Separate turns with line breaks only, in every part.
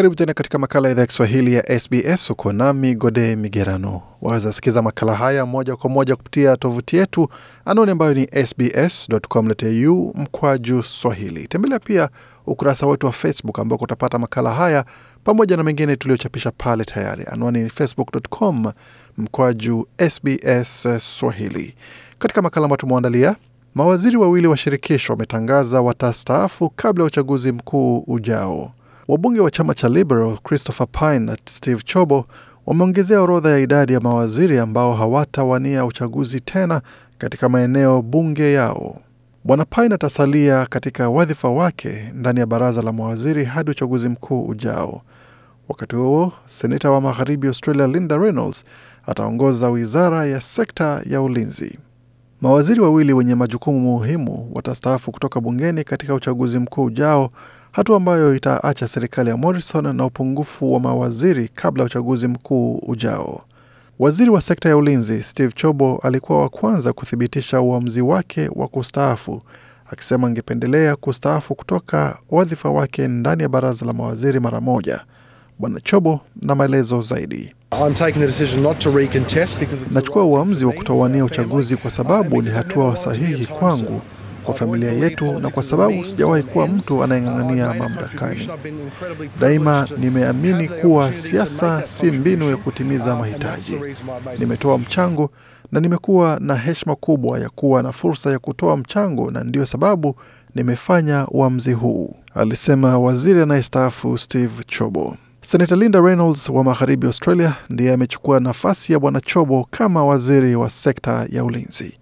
Karibu tena katika makala ya idhaa ya Kiswahili ya SBS. Uko nami Gode Migerano. Waweza sikiza makala haya moja kwa moja kupitia tovuti yetu, anwani ambayo ni sbs.com.au mkwaju swahili. Tembelea pia ukurasa wetu wa Facebook ambako utapata makala haya pamoja na mengine tuliochapisha pale tayari. Anwani ni facebook.com mkwaju sbs swahili. Katika makala ambayo tumeandalia, mawaziri wawili wa shirikisho wametangaza watastaafu kabla ya uchaguzi mkuu ujao. Wabunge wa chama cha Liberal Christopher Pine na Steve Chobo wameongezea orodha ya idadi ya mawaziri ambao hawatawania uchaguzi tena katika maeneo bunge yao. Bwana Pine atasalia katika wadhifa wake ndani ya baraza la mawaziri hadi uchaguzi mkuu ujao. Wakati huo seneta wa magharibi Australia Linda Reynolds ataongoza wizara ya sekta ya ulinzi. Mawaziri wawili wenye majukumu muhimu watastaafu kutoka bungeni katika uchaguzi mkuu ujao, hatua ambayo itaacha serikali ya Morrison na upungufu wa mawaziri kabla ya uchaguzi mkuu ujao. Waziri wa sekta ya ulinzi Steve Chobo alikuwa wa kwanza kuthibitisha uamuzi wake wa kustaafu, akisema angependelea kustaafu kutoka wadhifa wake ndani ya baraza la mawaziri mara moja. Bwana Chobo na maelezo zaidi. Nachukua uamuzi wa kutowania uchaguzi kwa sababu ni hatua sahihi kwangu kwa familia yetu, na kwa sababu sijawahi kuwa mtu anayeng'ang'ania mamlakani. Daima nimeamini kuwa siasa si mbinu ya kutimiza mahitaji. Nimetoa mchango na nimekuwa na heshima kubwa ya kuwa na fursa ya kutoa mchango, na ndiyo sababu nimefanya uamuzi huu, alisema waziri anayestaafu Steve Chobo. Senata Linda Reynolds wa magharibi Australia ndiye amechukua nafasi ya bwana Chobo kama waziri wa sekta ya ulinzi.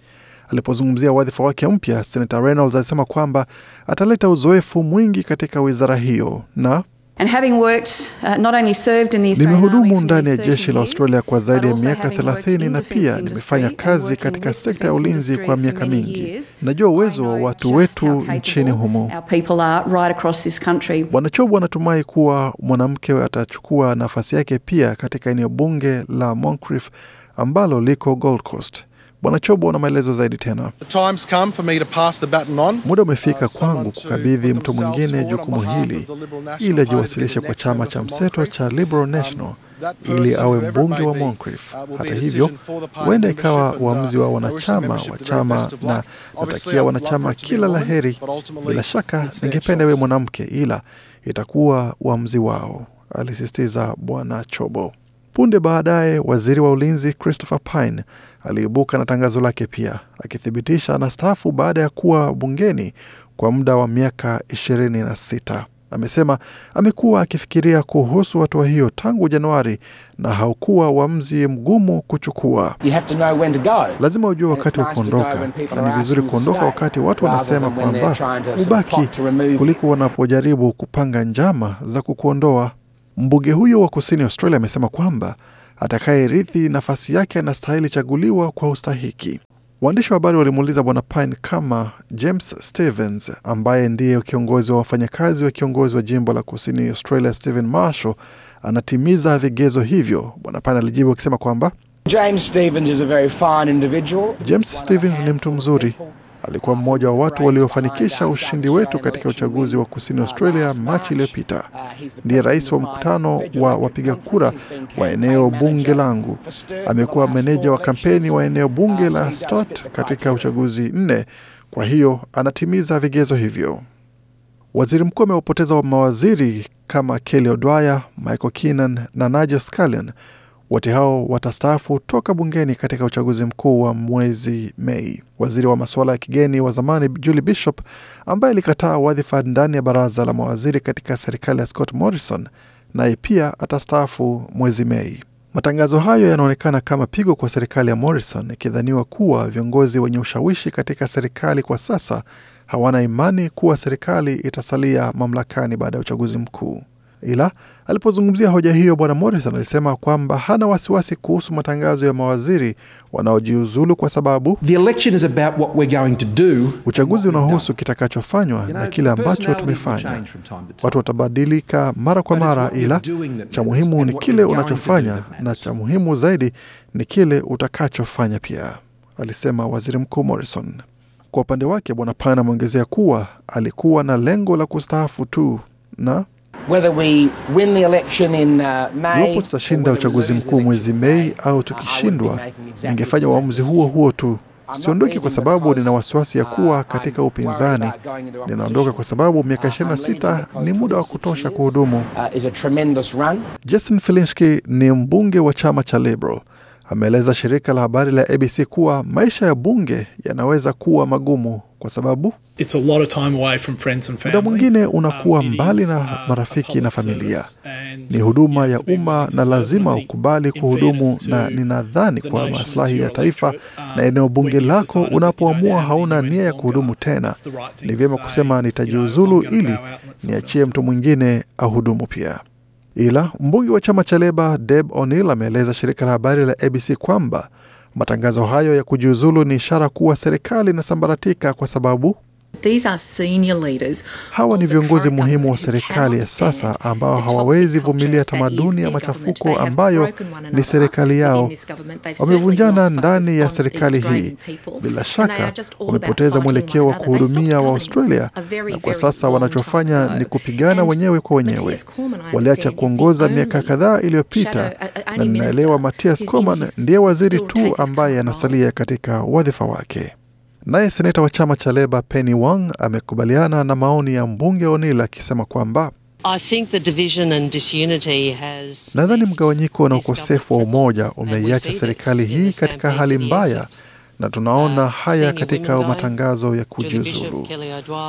Alipozungumzia wadhifa wake mpya, Senator Reynolds alisema kwamba ataleta uzoefu mwingi katika wizara hiyo na uh, Nimehudumu ndani ya jeshi la Australia kwa zaidi ya miaka 30 na pia nimefanya kazi katika sekta ya ulinzi kwa miaka mingi. Najua uwezo wa watu wetu nchini humo. Right, Bwana Chobo anatumai kuwa mwanamke atachukua nafasi yake pia katika eneo bunge la Moncrief ambalo liko Gold Coast. Bwana Chobo ana maelezo zaidi tena. Muda umefika uh, kwangu kukabidhi mtu mwingine jukumu hili ili ajiwasilishe kwa chama cha mseto cha Liberal National ili um, awe mbunge wa Moncrief. Uh, Hata hivyo, huenda ikawa uamuzi wa wanachama wa chama, na natakia wanachama kila la heri. Bila shaka, ningependa iwe mwanamke, ila itakuwa uamuzi wao, alisisitiza Bwana Chobo. Punde baadaye waziri wa ulinzi Christopher Pine aliibuka na tangazo lake pia akithibitisha anastaafu baada ya kuwa bungeni kwa muda wa miaka 26. Amesema amekuwa akifikiria kuhusu hatua hiyo tangu Januari na haukuwa uamuzi mgumu kuchukua. Lazima ujue wakati wa kuondoka, na ni vizuri kuondoka wakati watu wanasema kwamba ubaki, kuliko wanapojaribu kupanga njama za kukuondoa. Mbunge huyo wa kusini Australia amesema kwamba atakayerithi nafasi yake anastahili chaguliwa kwa ustahiki. Waandishi wa habari walimuuliza bwana Pine kama James Stevens ambaye ndiye kiongozi wa wafanyakazi wa kiongozi wa jimbo la kusini Australia Stephen Marshall anatimiza vigezo hivyo. Bwana Pine alijibu akisema kwamba James Stevens is a very fine individual. James Stevens ni mtu mzuri alikuwa mmoja wa watu waliofanikisha uh, ushindi wetu katika uchaguzi wa kusini Australia uh, Machi iliyopita. Uh, Ndiye rais wa mkutano wa wapiga kura wa eneo bunge langu. Amekuwa meneja wa kampeni wa eneo bunge la Stott katika uchaguzi nne, kwa hiyo anatimiza vigezo hivyo. Waziri mkuu amewapoteza wa mawaziri kama Kelly O'Dwyer, Michael Keenan na Nigel Scarlett wote hao watastaafu toka bungeni katika uchaguzi mkuu wa mwezi Mei. Waziri wa masuala ya kigeni wa zamani Julie Bishop, ambaye alikataa wadhifa ndani ya baraza la mawaziri katika serikali ya Scott Morrison, naye pia atastaafu mwezi Mei. Matangazo hayo yanaonekana kama pigo kwa serikali ya Morrison, ikidhaniwa kuwa viongozi wenye ushawishi katika serikali kwa sasa hawana imani kuwa serikali itasalia mamlakani baada ya uchaguzi mkuu. Ila alipozungumzia hoja hiyo, bwana Morrison alisema kwamba hana wasiwasi kuhusu matangazo ya mawaziri wanaojiuzulu kwa sababu uchaguzi unahusu kitakachofanywa na kile ambacho tumefanya. Watu watabadilika mara kwa mara, ila cha muhimu ni kile unachofanya, na cha muhimu zaidi ni kile utakachofanya pia, alisema Waziri Mkuu Morrison. Kwa upande wake, bwana Pan ameongezea kuwa alikuwa na lengo la kustaafu tu na Iwapo uh, tutashinda uchaguzi mkuu mwezi Mei au tukishindwa, ningefanya uamuzi huo huo tu. Siondoki kwa sababu nina wasiwasi ya uh, kuwa katika upinzani. Ninaondoka kwa sababu miaka 26 ni muda wa kutosha kuhudumu. Jason uh, Filinski ni mbunge wa chama cha Liberal. Ameeleza shirika la habari la ABC kuwa maisha ya bunge yanaweza kuwa magumu kwa sababu muda mwingine um, unakuwa mbali na uh, marafiki na familia. Ni huduma ya umma na lazima ukubali kuhudumu, na ninadhani kwa maslahi ya taifa na um, eneo bunge lako, unapoamua hauna nia ya kuhudumu tena, ni vyema kusema nitajiuzulu ili niachie mtu mwingine ahudumu pia. Ila mbunge wa chama cha Leba Deb O'Neill ameeleza shirika la habari la ABC kwamba Matangazo hayo ya kujiuzulu ni ishara kuwa serikali inasambaratika kwa sababu These are senior leaders. Hawa ni viongozi muhimu wa serikali ya sasa ambao hawawezi vumilia tamaduni ya machafuko ambayo ni serikali yao. Wamevunjana ndani ya serikali hii, bila shaka wamepoteza mwelekeo wa kuhudumia wa Australia, na kwa sasa wanachofanya ni kupigana wenyewe kwa wenyewe. Waliacha kuongoza miaka kadhaa iliyopita, na ninaelewa Matias Coman ndiye waziri tu ambaye anasalia katika wadhifa wake. Naye seneta wa chama cha Leba Penny Wong amekubaliana na maoni ya mbunge onil akisema kwamba nadhani mgawanyiko na ukosefu wa umoja umeiacha serikali hii katika hali mbaya na tunaona uh, haya katika matangazo ya kujiuzulu.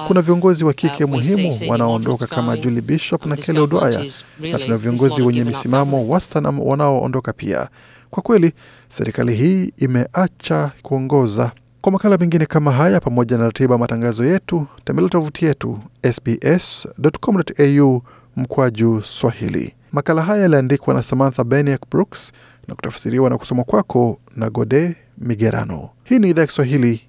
Kuna viongozi wa kike uh, muhimu wanaoondoka kama Julie Bishop na Kelly Odwaya, na tuna viongozi wenye misimamo wastani wanaoondoka pia. Kwa kweli serikali hii imeacha kuongoza kwa makala mengine kama haya pamoja na ratiba matangazo yetu, tembelea tovuti yetu sbs.com.au mkwaju Swahili. Makala haya yaliandikwa na Samantha beniac Brooks na kutafsiriwa na kusoma kwako na Gode Migerano. Hii ni idhaa ya Kiswahili